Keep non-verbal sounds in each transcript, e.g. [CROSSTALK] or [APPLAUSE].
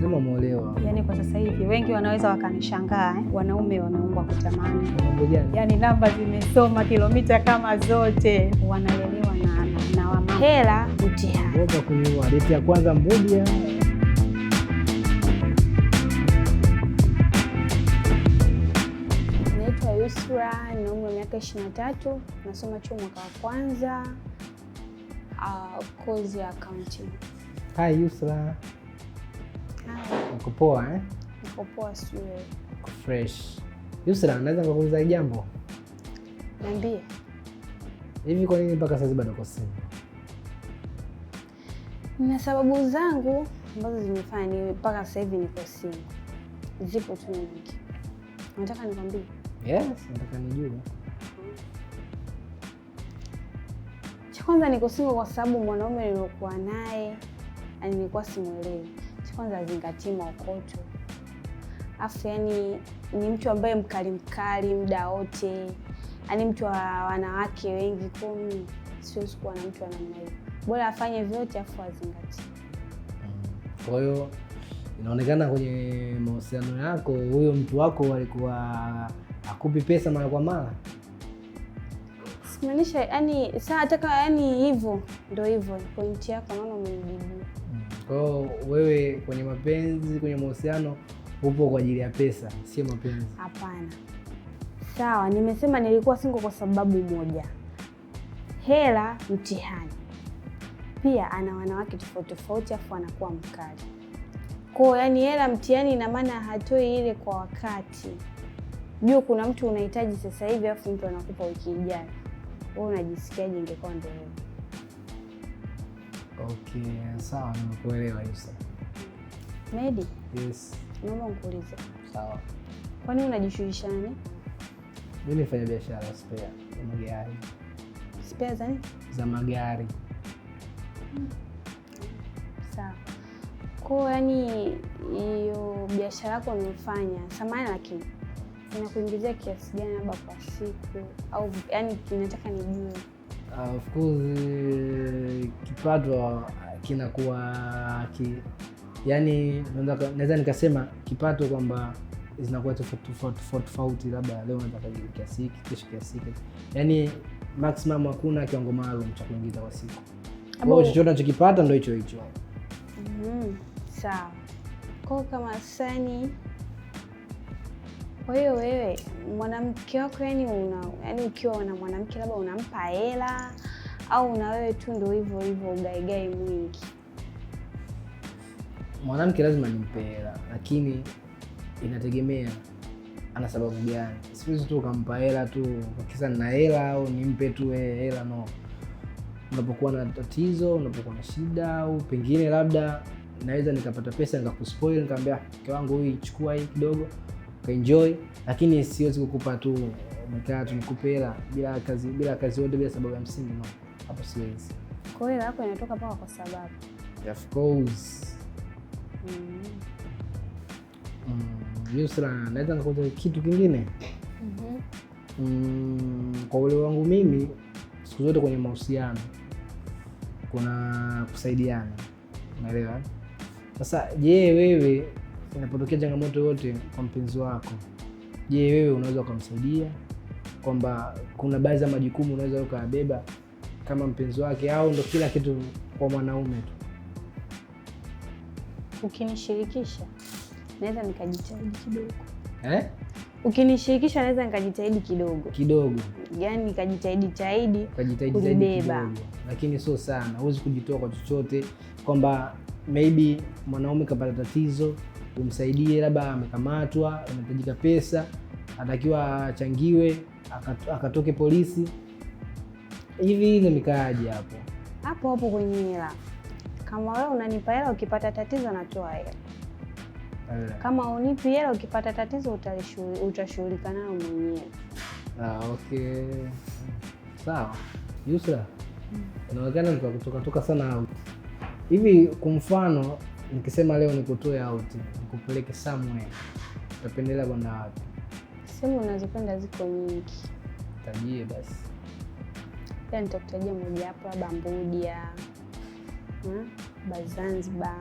Sema umeolewa. Yaani kwa sasa hivi wengi wanaweza wakanishangaa eh? Wanaume wameumbwa kutamani. Yaani namba zimesoma kilomita kama zote, wanalelewa na, na, na Hela mtihani. Ngoja kunyua deti ya kwanza mbudia Yusra na umri wa miaka tatu, nasoma chuo mwaka wa kwanza, uh, kozi ya accounting. Hai Yusra. Uko poa eh? Uko poa Uko fresh. Yusra, naweza kukuuliza jambo? Niambie. Hivi kwa nini mpaka sasa bado uko single? Na sababu zangu ambazo zimefanya ni mpaka sasa hivi niko single. Zipo tu nyingi. Nataka nikwambie. Yes, nataka nijue. Cha kwanza niko single kwa sababu mwanaume niliokuwa naye nilikuwa simwelewi kwanza zingatii maokoto, afu yani ni mtu ambaye mkali mkali muda wote, yani mtu wa wanawake wengi. kumi siwezikuwa siwezi kuwa na mtu wa namna hiyo, bora afanye vyote afu azingatie. Mm. Kwa hiyo inaonekana kwenye mahusiano yako huyo mtu wako alikuwa akupi pesa mara kwa mara Simaanisha yani saa ataka yani hivyo, ndo hivyo pointi yako, naona umenijibu. Kwa hiyo wewe kwenye mapenzi, kwenye mahusiano upo kwa ajili ya pesa, sio mapenzi? Hapana. Sawa, nimesema nilikuwa single kwa sababu moja, hela, mtihani. Pia ana wanawake tofauti tofauti, afu anakuwa mkali kwao, yani hela, mtihani, ina maana hatoi ile kwa wakati. Jua kuna mtu unahitaji sasa hivi, afu mtu anakupa wiki ijayo, wewe unajisikiaje? Ingekuwa ndio Okay, sawa, nimekuelewa Isa. Medi? Yes. Naomba nikuulize. Sawa. Kwani unajishughulisha nani? Mimi nifanya biashara spare za magari. Spare za nini? Za magari. Hmm. Sawa. Kwa yani hiyo biashara yako unayofanya, samahani lakini inakuingizia kiasi gani labda kwa siku au yani kinataka nijue Uh, of course uh, kipato uh, kinakuwa ki, yani naweza nikasema kipato kwamba zinakuwa tofauti tofauti, labda leo unaweza kiasi hiki, kesho kiasi hiki, yani maximum, hakuna kiwango maalum cha kuingiza kwa siku. chochote unachokipata ndo hicho hicho. Mm-hmm. Sawa. Kwa kama sani kwa hiyo wewe mwanamke wako yani, una yani, ukiwa na mwanamke labda unampa hela au una wewe tu ndio hivyo hivyo ugaigai mwingi? Mwanamke lazima nimpe hela, lakini inategemea ana sababu gani. Siwezi tu ukampa hela tu kisa na hela au nimpe tu hela, no. Unapokuwa na tatizo, unapokuwa na shida, au pengine labda naweza nikapata pesa nikakuspoil, nikamwambia ah, mke wangu, hii chukua hii kidogo ukaenjoy, lakini siwezi kukupa tu nikaa tunikupe hela bila kazi bila kazi yote bila sababu ya msingi no, hapo siwezi. Kwa hiyo yako inatoka paka kwa sababu of course mm. Mm, Yusra, naweza nikuja kitu kingine mm -hmm. Mm, kwa ule wangu mimi siku zote kwenye mahusiano kuna kusaidiana, unaelewa sasa. Je, wewe inapotokea changamoto yote kwa mpenzi wako, je, wewe unaweza ukamsaidia? Kwamba kuna baadhi ya majukumu unaweza ukayabeba kama mpenzi wake, au ndo kila kitu kwa mwanaume tu? Ukinishirikisha naweza nikajitahidi kidogo eh? Ukinishirikisha naweza nikajitahidi kidogo kidogo, yani nikajitahidi tahidi kubeba, lakini sio sana. Huwezi kujitoa kwa chochote, kwamba maybe mwanaume kapata tatizo umsaidie, labda amekamatwa, anahitajika pesa, atakiwa achangiwe, akatoke polisi. Hivi ile nikaaje hapo hapo hapo kwenye hela? Kama wewe unanipa hela, ukipata tatizo natoa hela eh. kama unipi hela ukipata tatizo utashughulika nayo mwenyewe. Ah, okay. Sawa Yusra, mm. Unaonekana mtu sana hivi. Kwa mfano nikisema leo nikutoe out nikupeleke somewhere, utapendelea kwenda wapi? Sehemu unazopenda ziko nyingi, tajie basi. Pia nitakutajia moja hapo, labda Mbudia, hmm, Zanzibar,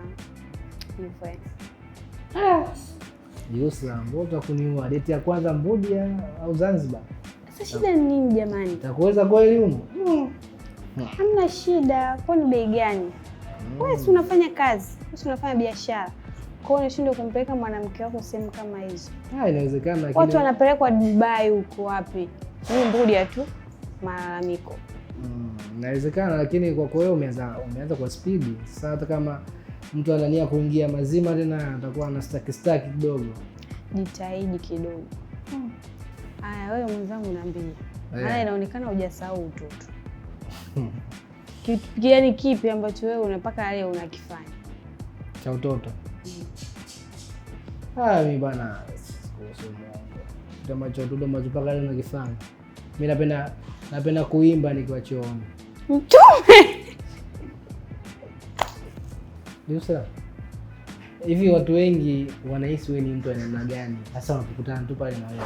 hivyo Jeusa, ah! mbona utakuniua? Date ya kwanza Mbudia au Zanzibar? Sasa shida ni nini jamani? Takuweza kweli humo? Hmm. Hmm. Hamna shida. Kwani bei gani? Wewe si unafanya kazi wakati unafanya biashara kwao unashindwa kumpeleka mwanamke wako sehemu kama hizo. Ah, inawezekana. Watu wanapelekwa Dubai huko wapi? Mimi mbudia tu malalamiko. Mm, inawezekana mm, lakini kwako wewe umeanza umeanza kwa spidi. Sasa hata kama mtu anania kuingia mazima tena atakuwa ana staki staki kidogo. Jitahidi kidogo. Hmm. Aya, wewe mwenzangu naambia. Yeah. inaonekana hujasahau utoto. [LAUGHS] Yaani kipi ambacho wewe unapaka leo unakifanya? cha utoto mi bana kitu cha utoto ambacho mpaka leo nakifanya mi, napenda napenda kuimba nikiwa chooni. Mtume Jusa, hivi watu wengi wanahisi wewe ni mtu wa gani hasa wakikutana tu pale na wewe?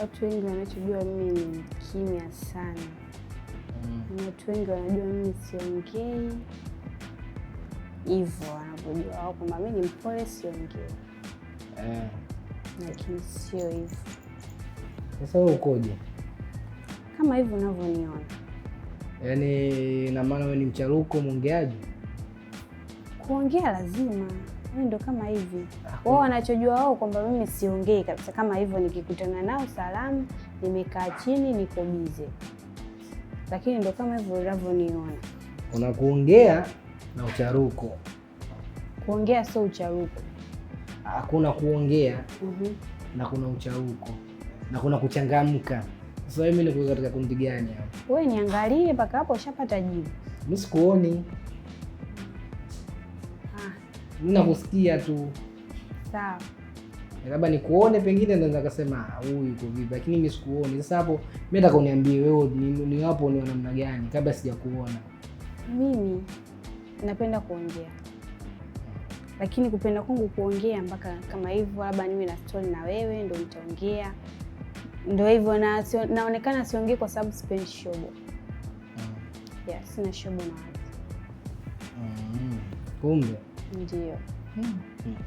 Watu wengi wanachojua mimi ni kimya sana. Mm. Watu wengi wanajua mimi sio mgeni hivyo kujua wao kwamba mi ni mpole, siongee eh, lakini sio hivyo. Sasa wewe ukoje? Kama hivyo unavyoniona, yaani na maana wewe ni mcharuko, mwongeaji? Kuongea lazima mimi ndo kama hivi ah, wao wanachojua wao kwamba mimi siongei kabisa. Kama hivyo nikikutana nao salamu, nimekaa chini, niko bize, lakini ndo kama hivyo unavyoniona, unakuongea na ucharuko Kuongea sio ucharuko. Hakuna kuongea mm -hmm. na kuna ucharuko na kuna kuchangamka. Sasa mimi niko katika kundi gani hapo? Wewe niangalie mpaka hapo ushapata jibu. Mimi sikuoni. Ah. Mimi nakusikia tu. Sawa. Labda nikuone pengine ndo nikasema ah, huyu yuko vipi, lakini mimi sikuoni. Sasa hapo mimi nataka uniambie wewe ni wapo ni namna gani kabla sijakuona. Mimi napenda kuongea lakini kupenda kwangu kuongea mpaka kama hivyo, labda niwe na stori na wewe ndo nitaongea, ndo hivyo na sio, naonekana siongee kwa sababu sipendi shobo mm. yeah, sina shobo na watu mm. Kumbe ndio mm.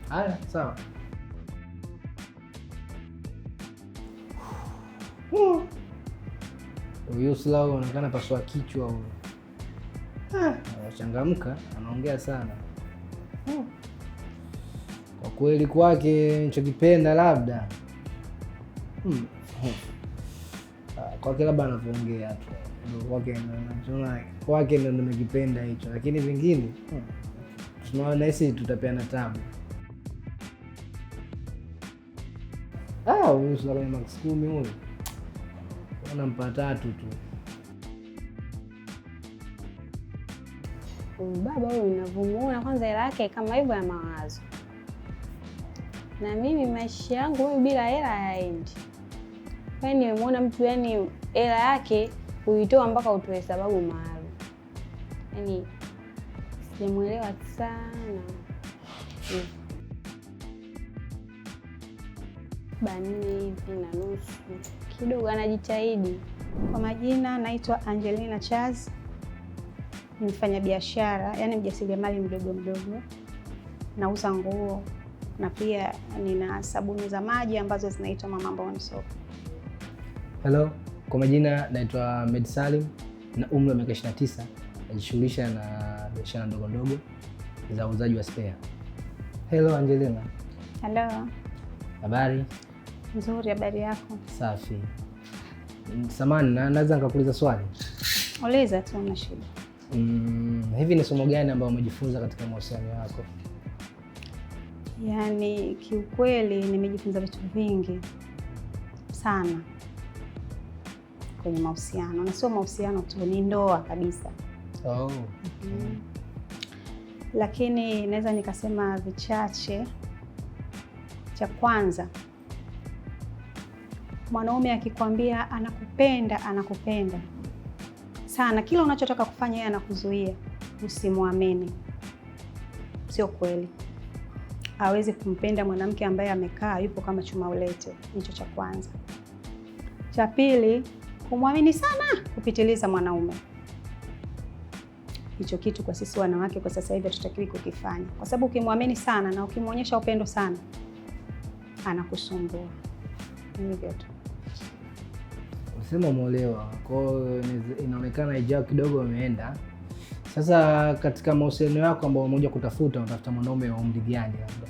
haya mm. Sawa huyu Slaa anaonekana paswa kichwa huyu, ah. anachangamka, anaongea sana mm kwa kweli kwake nichokipenda labda hmm. kwake labda anavyoongea tu kwake kwake ndo nimekipenda hicho, lakini vingine hmm, tunaona nahisi tutapeana tabu. Kwenye ah, max kumi huyu nampa tatu tu. Baba huyu navyomuona kwanza, hela yake kama hivyo ya mawazo na mimi maisha yangu mimi bila hela hayaendi. Yaani nimemwona mtu yani hela yake huitoa mpaka utoe sababu maalum, yaani sijamuelewa sana hmm. Banne hivi na nusu kidogo, anajitahidi. Kwa majina naitwa Angelina Charles, ni mfanyabiashara yani mjasiriamali mdogo mdogo, nauza nguo na pia nina sabuni za maji ambazo zinaitwa Mama Bone Soap. Hello, kwa majina naitwa Med Salim na umri wa miaka 29. Najishughulisha na biashara ndogo ndogo za uuzaji wa spare. Hello Angelina. Hello. Habari? Nzuri, habari yako? Safi. Samani, naweza nikakuuliza swali? Uliza tu, una shida. Mm, hivi ni somo gani ambayo umejifunza katika mahusiano yako? Yaani kiukweli nimejifunza vitu vingi sana kwenye mahusiano, na sio mahusiano tu, ni ndoa kabisa. Oh. Mm -hmm. Lakini naweza nikasema vichache. Cha kwanza, mwanaume akikwambia anakupenda, anakupenda sana, kila unachotaka kufanya yeye anakuzuia, usimwamini, sio kweli hawezi kumpenda mwanamke ambaye amekaa yupo kama chuma ulete. Hicho cha kwanza. Cha pili, kumwamini sana kupitiliza mwanaume. Hicho kitu kwa sisi wanawake kwa sasa hivi hatutakiwi kukifanya, kwa sababu ukimwamini sana na ukimwonyesha upendo sana anakusumbua. Hivyo tu. sema, umeolewa kwao, inaonekana ijao kidogo ameenda sasa katika mahusiano yako ambao umoja kutafuta, unatafuta mwanaume wa umri gani labda?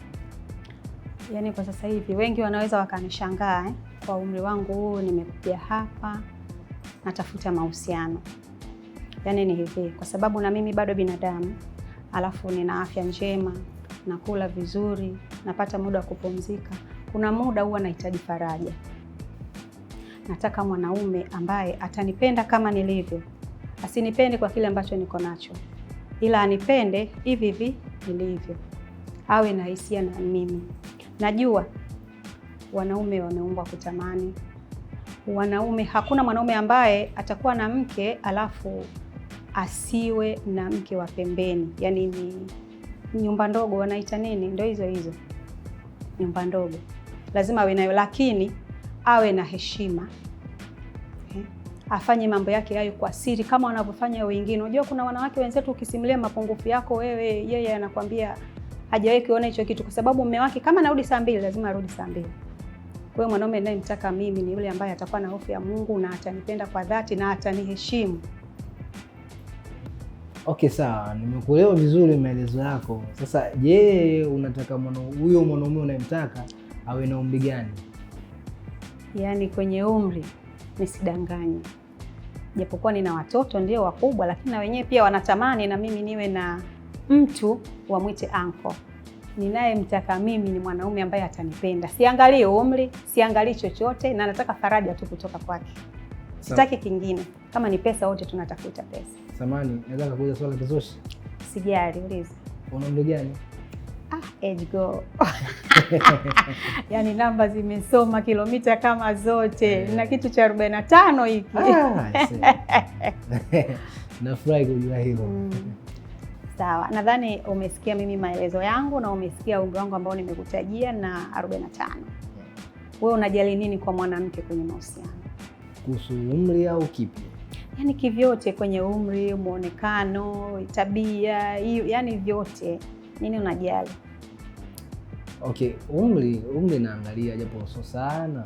Yaani kwa sasa hivi wengi wanaweza wakanishangaa eh? Kwa umri wangu huu nimekuja hapa natafuta mahusiano. Yaani ni hivi, kwa sababu na mimi bado binadamu, alafu nina afya njema, nakula vizuri, napata muda wa kupumzika. Kuna muda huwa nahitaji faraja. Nataka mwanaume ambaye atanipenda kama nilivyo asinipende kwa kile ambacho niko nacho, ila anipende hivi hivi nilivyo, awe na hisia na mimi. Najua wanaume wameumbwa kutamani. Wanaume, hakuna mwanaume ambaye atakuwa na mke alafu asiwe na mke wa pembeni. Yaani ni nyumba ndogo, wanaita nini? ndo hizo hizo nyumba ndogo, lazima awe nayo, lakini awe na heshima afanye mambo yake hayo kwa siri kama wanavyofanya wengine. Unajua kuna wanawake wenzetu ukisimulia mapungufu yako wewe, yeye anakwambia hajawahi kuona hicho kitu, kwa sababu mume wake kama anarudi saa mbili lazima arudi saa mbili. Kwa hiyo mwanaume ninayemtaka mimi ni yule ambaye atakuwa na hofu ya Mungu na atanipenda kwa dhati na ataniheshimu. Okay, sawa, nimekuelewa vizuri maelezo yako. Sasa je, unataka huyo mwanaume unayemtaka awe na umri gani? Yaani kwenye umri nisidanganye japokuwa nina watoto ndio wakubwa, lakini na wenyewe pia wanatamani na mimi niwe na mtu wamwite anko. Ninayemtaka mimi ni mwanaume ambaye atanipenda, siangalie umri, siangalie chochote, na nataka faraja tu kutoka kwake, sitaki kingine. Kama ni pesa, wote tunatafuta pesa. Samani, naweza kukuuliza swali kizushi? Sijali, uliza. Una umri gani? ah, go [LAUGHS] yani namba zimesoma kilomita kama zote eh. na kitu cha 45 hiki. Ah, [LAUGHS] Nafurahi kujua hilo. Mm. Sawa, nadhani umesikia mimi maelezo yangu na umesikia umri wangu ambao nimekutajia na 45. Wewe unajali nini kwa mwanamke kwenye mahusiano? Kuhusu umri au kipi? yani kivyote, kwenye umri, mwonekano, tabia, yani vyote nini unajali? Okay, umri umri naangalia japo so sana,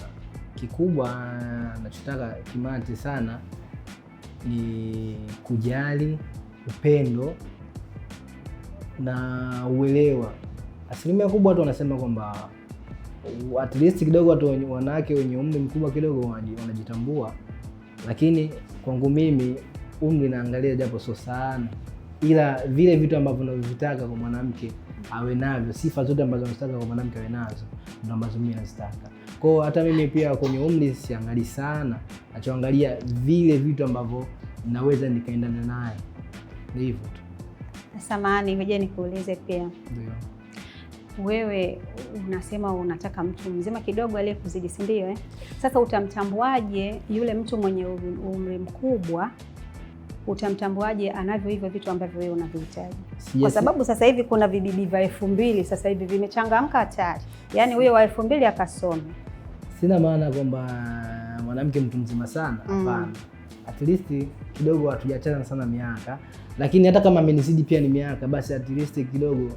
kikubwa nachotaka kimati sana ni kujali, upendo na uelewa. Asilimia kubwa watu wanasema kwamba at least kidogo watu wanawake wenye umri mkubwa kidogo wanajitambua, lakini kwangu mimi umri naangalia japo so sana ila vile vitu ambavyo navyovitaka kwa mwanamke awe navyo, sifa zote ambazo nazitaka kwa mwanamke awe nazo ndo ambazo mimi nazitaka kwao. Hata mimi pia kwenye umri siangali sana, nachoangalia vile vitu ambavyo naweza nikaendana naye, ni hivyo tu. Samahani, ngoja nikuulize pia. Ndio. Wewe unasema unataka mtu mzima kidogo kuzidi, si ndio eh? Sasa utamtambuaje yule mtu mwenye umri mkubwa utamtambuaje anavyo hivyo vitu ambavyo wewe unavihitaji? Yes. Kwa sababu sasa hivi kuna vibibi vya elfu mbili sasa hivi vimechangamka hatari, yaani huyo wa elfu mbili akasoma. Sina maana kwamba mwanamke mtu mzima sana, mm. hapana. Mm. At least kidogo hatujachana sana miaka, lakini hata kama amenizidi pia ni miaka, basi at least kidogo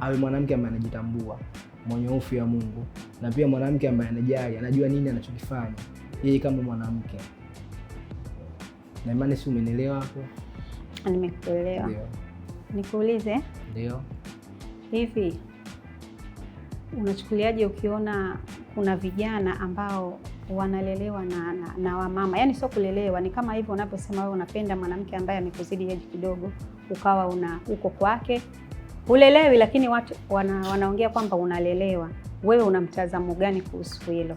awe mwanamke ambaye anajitambua, mwenye hofu ya Mungu, na pia mwanamke ambaye anajali, anajua nini anachokifanya yeye kama mwanamke na imani si umenielewa hapo? Nimekuelewa. Nikuulize? Ndio. Hivi unachukuliaje ukiona kuna vijana ambao wanalelewa na, na, na wamama, yaani sio kulelewa, ni kama hivyo unavyosema wewe, unapenda mwanamke ambaye amekuzidi age kidogo, ukawa una uko kwake, ulelewi, lakini watu wana, wanaongea kwamba unalelewa. Wewe una mtazamo gani kuhusu hilo?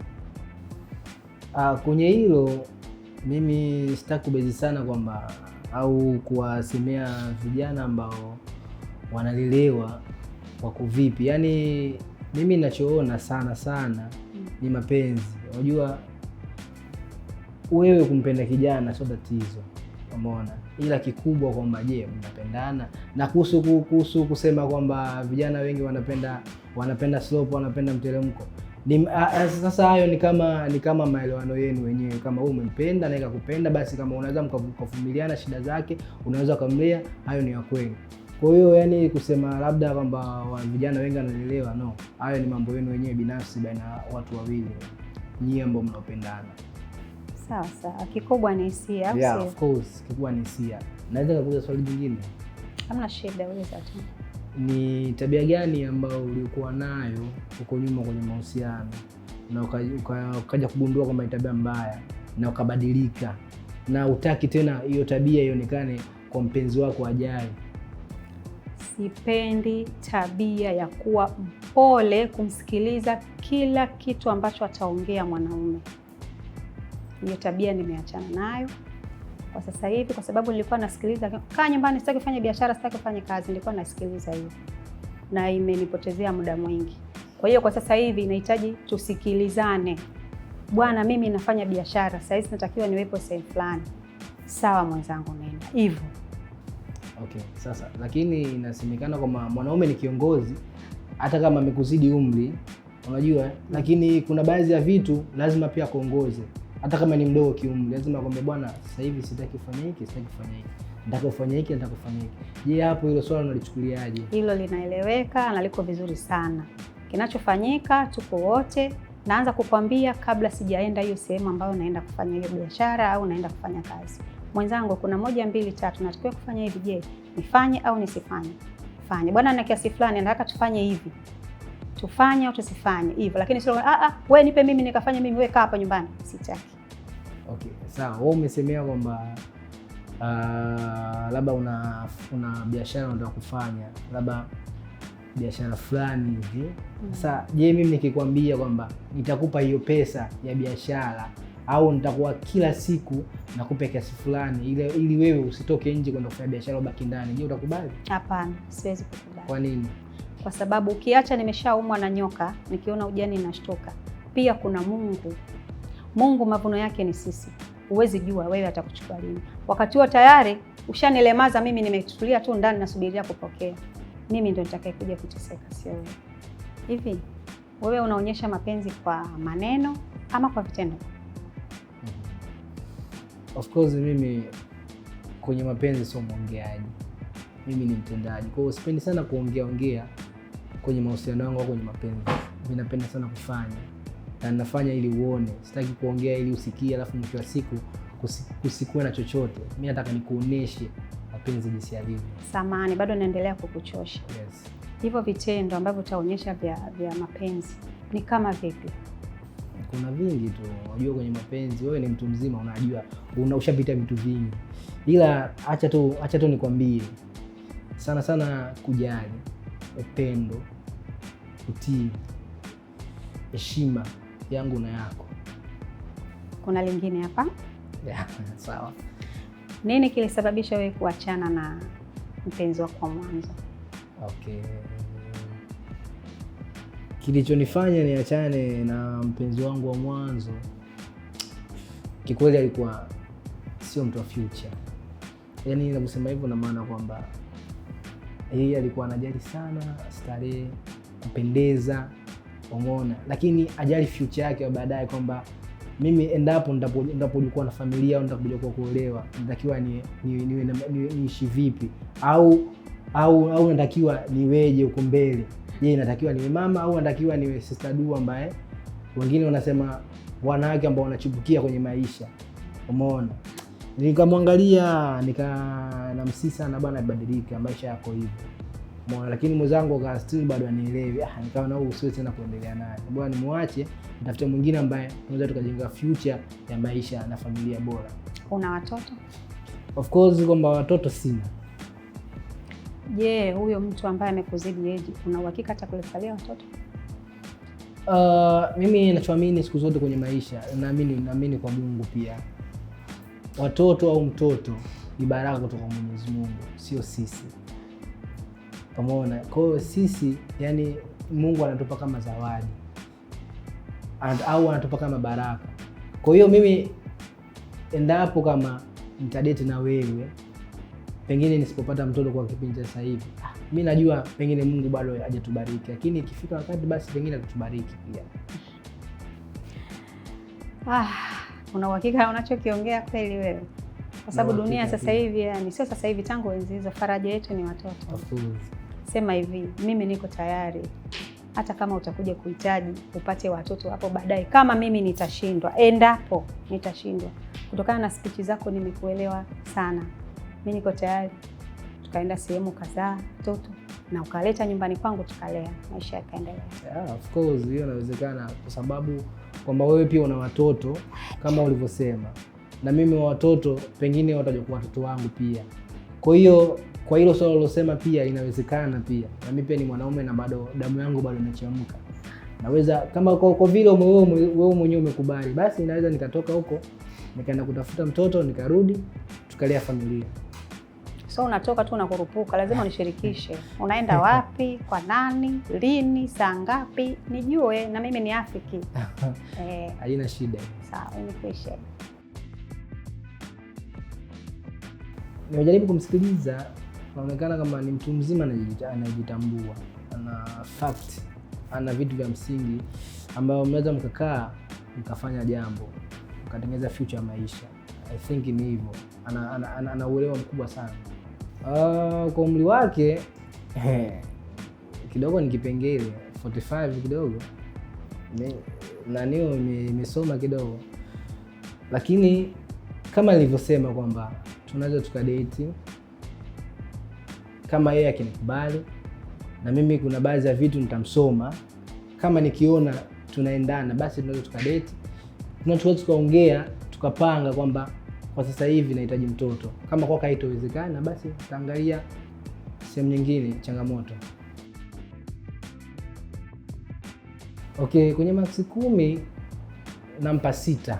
Ah, kwenye hilo mimi sitaki kubezi sana kwamba au kuwasemea vijana ambao wanalelewa kwa vipi. Yaani mimi ninachoona sana sana ni mapenzi. Unajua wewe kumpenda kijana sio tatizo, umeona, ila kikubwa kwamba je, mnapendana. Na kuhusu kuhusu kusema kwamba vijana wengi wanapenda wanapenda slope, wanapenda mteremko ni sasa hayo ni kama ni kama maelewano yenu wenyewe, kama wewe umempenda na ikakupenda basi, kama unaweza mkavumiliana shida zake, unaweza kumlea, hayo ni ya kweli. Kwa hiyo yani kusema labda kwamba vijana wengi wanaelewa no, hayo ni mambo yenu wenyewe binafsi baina ya watu wawili nyie ambao mnaopendana. Sawa sawa, kikubwa ni hisia. Yeah, of course, kikubwa ni hisia. Naweza kukuuliza swali jingine? Hamna shida, uliza tu ni tabia gani ambayo uliokuwa nayo huko nyuma kwenye mahusiano na ukaja kugundua kwamba ni tabia mbaya na ukabadilika na utaki tena hiyo tabia ionekane kwa mpenzi wako ajaye? Sipendi tabia ya kuwa mpole, kumsikiliza kila kitu ambacho ataongea mwanaume. Hiyo tabia nimeachana nayo kwa sasa hivi, kwa sababu nilikuwa nasikiliza kaa nyumbani, sitaki kufanya biashara, sitaki kufanya kazi, nilikuwa nasikiliza hiyo na imenipotezea muda mwingi. Kwa hiyo kwa sasa hivi inahitaji tusikilizane. Bwana, mimi nafanya biashara sasa hivi, natakiwa niwepo sehemu fulani. Sawa mwenzangu, nenda hivyo. Okay, sasa lakini inasemekana kwamba mwanaume ni kiongozi hata kama amekuzidi umri, unajua, lakini kuna baadhi ya vitu lazima pia kuongoze hata kama ni mdogo kiumri, lazima kwambia bwana, sasa hivi sitaki kufanya hiki, sitaki kufanya hiki, nataka kufanya hiki, nataka kufanya hiki. Je, hapo hilo swala unalichukuliaje? Hilo linaeleweka na liko vizuri sana. Kinachofanyika, tuko wote, naanza kukwambia kabla sijaenda hiyo sehemu ambayo naenda kufanya hiyo biashara au naenda kufanya kazi, mwenzangu, kuna moja mbili tatu, natakiwa kufanya hivi. Je, nifanye au nisifanye? fanye bwana, na kiasi fulani nataka tufanye hivi tufanye au tusifanye hivyo, lakini sio ah, ah, wewe nipe mimi nikafanye mimi, wewe kaa hapa nyumbani, sitaki. Okay, sawa. Wewe umesemea kwamba uh, labda una, una biashara unataka kufanya labda biashara fulani hivi mm. sasa. Je, mimi nikikwambia kwamba nitakupa hiyo pesa ya biashara au nitakuwa kila siku nakupa kiasi fulani ili, ili wewe usitoke nje kwenda kufanya biashara, ubaki ndani, je, utakubali? Hapana, siwezi kukubali. Kwa nini? kwa sababu ukiacha, nimeshaumwa na nyoka, nikiona ujani nashtoka. Pia kuna Mungu. Mungu mavuno yake ni sisi, huwezi jua wewe atakuchukua lini. Wakati huo tayari ushanilemaza mimi, nimetulia tu ndani nasubiria kupokea. Mimi ndio nitakayekuja kuteseka, sio wewe. Hivi wewe unaonyesha mapenzi kwa maneno ama kwa vitendo? Mm-hmm. Of course mimi kwenye mapenzi sio mwongeaji, mimi ni mtendaji. Kwa hiyo sipendi sana kuongea ongea kwenye mahusiano yangu au kwenye mapenzi, mimi napenda sana kufanya na nafanya ili uone, sitaki kuongea ili usikie, alafu mwisho wa siku kusikuwe na chochote. Mimi nataka nikuoneshe mapenzi jinsi yalivyo. Samani, bado naendelea kukuchosha. Yes. Hivyo vitendo ambavyo utaonyesha vya, vya mapenzi ni kama vipi? Kuna vingi tu, unajua kwenye mapenzi wewe ni mtu mzima, unajua una ushapita vitu vingi, ila acha tu acha tu nikwambie, sana sana kujali, upendo kutii heshima yangu na yako. Kuna lingine hapa [LAUGHS] sawa. Nini kilisababisha wewe kuachana na mpenzi wako wa mwanzo? Okay, kilichonifanya niachane na mpenzi wangu wa mwanzo kikweli, alikuwa sio mtu wa future. Yaani nakusema hivyo na maana kwamba yeye alikuwa anajali sana starehe kupendeza, umeona. Lakini ajali future yake ya baadaye, kwamba mimi endapo nitapojikuwa na familia au nitakapokuja kuolewa, natakiwa niishi ni, ni, ni, ni, vipi, au au au natakiwa niweje huko mbele? Je, natakiwa niwe mama au natakiwa niwe sister du ambaye wengine wanasema wanawake ambao wanachupukia kwenye maisha, umeona. Nikamwangalia nika namsisa na bwana, badilika, maisha yako hivyo lakini mwenzangu akawa still bado anielewi. Ah, nikawa na usiwe tena kuendelea naye, bora nimwache, nitafute mwingine ambaye tunaweza tukajenga future ya maisha na familia bora. Una watoto? Of course kwamba watoto sina. Je, yeah, huyo mtu ambaye amekuzidi age una uhakika atakuzalia watoto? Uh, mimi nachoamini siku zote kwenye maisha, naamini naamini kwa Mungu pia. Watoto au mtoto ni baraka kutoka Mwenyezi Mungu, sio sisi. Umeona? Kwa hiyo sisi, yani Mungu anatupa kama zawadi au anatupa kama baraka. Kwa hiyo mimi endapo kama nitadeti na wewe pengine nisipopata mtoto kwa kipindi cha sasa hivi, ah, mi najua pengine Mungu bado hajatubariki, lakini ikifika wakati basi pengine atatubariki pia. Ah, una uhakika unachokiongea kweli wewe? Kwa sababu dunia sasa hivi, yani sio sasa hivi, tangu enzi hizo, faraja yetu ni watoto sema hivi, mimi niko tayari, hata kama utakuja kuhitaji upate watoto hapo baadaye, kama mimi nitashindwa, endapo nitashindwa, kutokana na spichi zako nimekuelewa sana, mi niko tayari. Tukaenda sehemu kadhaa mtoto na ukaleta nyumbani kwangu, tukalea, maisha yakaendelea. Yeah, of course hiyo inawezekana, kwa sababu kwamba wewe pia una watoto kama ulivyosema, na mimi watoto pengine kuwa watoto wangu pia kwa hiyo kwa hilo swala lilosema, pia inawezekana pia na mi pia ni mwanaume na bado damu yangu bado inachemka, naweza kama kwa, vile wewe mwenyewe umekubali, basi naweza nikatoka huko nikaenda kutafuta mtoto nikarudi tukalea familia. So unatoka tu unakurupuka, lazima unishirikishe, unaenda wapi, kwa nani, lini, saa ngapi, nijue na mimi ni afiki [LAUGHS] eh. Haina eh, shida. Sawa, nimejaribu kumsikiliza, naonekana kama ni mtu mzima anajitambua, ana fact, ana vitu vya msingi ambayo mnaweza mkakaa mkafanya jambo mkatengeneza future ya maisha. I think ni hivyo, ana, ana, ana, ana uelewa mkubwa sana uh, kwa umri wake [LAUGHS] kidogo ni kipengele 45 kidogo nanio imesoma kidogo, lakini kama nilivyosema kwamba tunaweza tukadeti kama yeye akinikubali, na mimi kuna baadhi ya vitu nitamsoma, kama nikiona tunaendana, basi tunaweza tukadate, tunaweza tukaongea, tukapanga kwamba kwa sasa hivi nahitaji mtoto. Kama kwako haitowezekana, basi tutaangalia sehemu nyingine changamoto. Okay, kwenye maksi kumi nampa sita,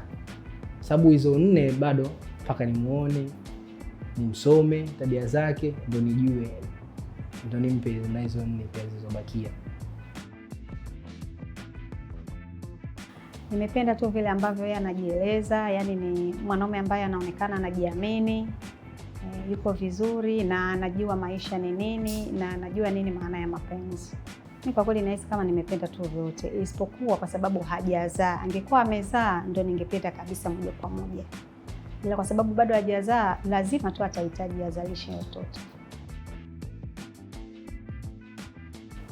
sababu hizo nne bado mpaka nimuone nimsome tabia zake, ndo nijue, ndo nimpe na hizo nne pia zilizobakia. Nimependa tu vile ambavyo yeye anajieleza, yaani ni mwanaume ambaye anaonekana anajiamini, e, yuko vizuri na anajua maisha ni nini na anajua nini maana ya mapenzi. Mi kwa kweli nahisi kama nimependa tu vyote, isipokuwa kwa sababu hajazaa. Angekuwa amezaa, ndo ningependa kabisa moja kwa moja ila kwa sababu bado hajazaa, lazima tu atahitaji azalishe mtoto.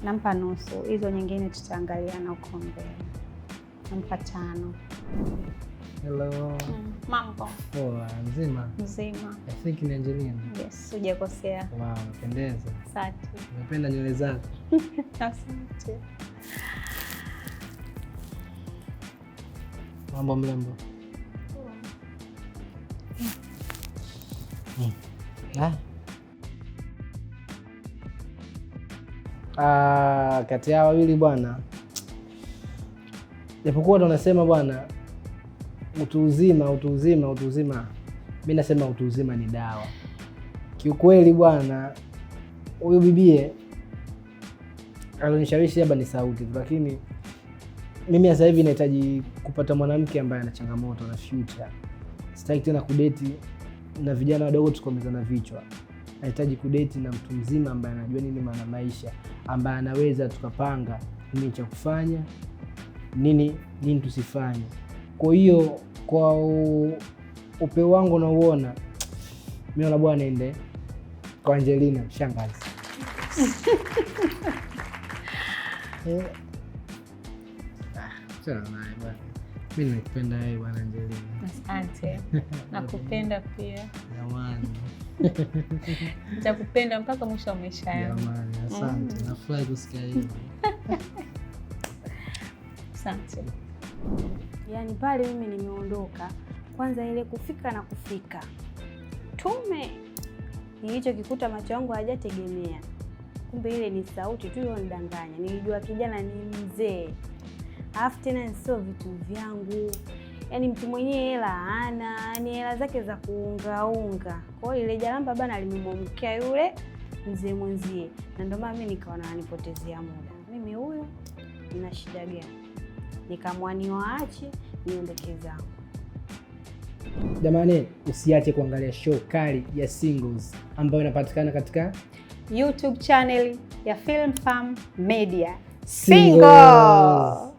Nampa nusu, hizo nyingine tutaangaliana huko mbele. Nampa tano. Hello. Mm, mambo. Poa, I think ni Yes, hujakosea. Wow, Asante. Napenda nywele zako. [LAUGHS] Asante. Mambo mlembo. Ah, kati ya wawili bwana, japokuwa tunasema bwana, utu uzima, utu uzima, utu uzima, mi nasema utu uzima ni dawa kiukweli bwana. Huyu bibie alionishawishi labda ni sauti, lakini mimi sasa hivi nahitaji kupata mwanamke ambaye ana changamoto na future. Sitaki tena kudeti na vijana wadogo tukomezana vichwa. Nahitaji kudeti na mtu mzima ambaye anajua nini maana maisha, ambaye anaweza tukapanga nini cha kufanya, nini nini tusifanye. Kwa hiyo kwa upeo wangu unauona mi na bwana ende kwa Angelina shangazi [LAUGHS] eh. ah, mimi nimekupenda wewe bwana Angelina. Asante. [LAUGHS] Nakupenda pia. Jamani. [LAUGHS] Nitakupenda mpaka mwisho wa maisha yangu. Jamani, asante. Mm. Nafurahi kusikia hivi. [LAUGHS] Asante. Yaani pale mimi nimeondoka, kwanza ile kufika na kufika tume nilichokikuta macho yangu hayajategemea, kumbe ile ni sauti tu iliyonidanganya. Nilijua kijana ni mzee alafu tena sio vitu vyangu. Yaani mtu mwenye hela ana ni yaani hela zake za kuungaunga. Kwa hiyo ile jalamba bana alimemwamkia yule mzee mwenzie, na ndio maana mimi nikaona anipotezea muda. Mimi huyo nina shida gani? Nikamwa niwaache niondeke zangu. Jamani, usiache kuangalia show kali ya Singles ambayo inapatikana katika YouTube channel ya Film Farm Media Singles.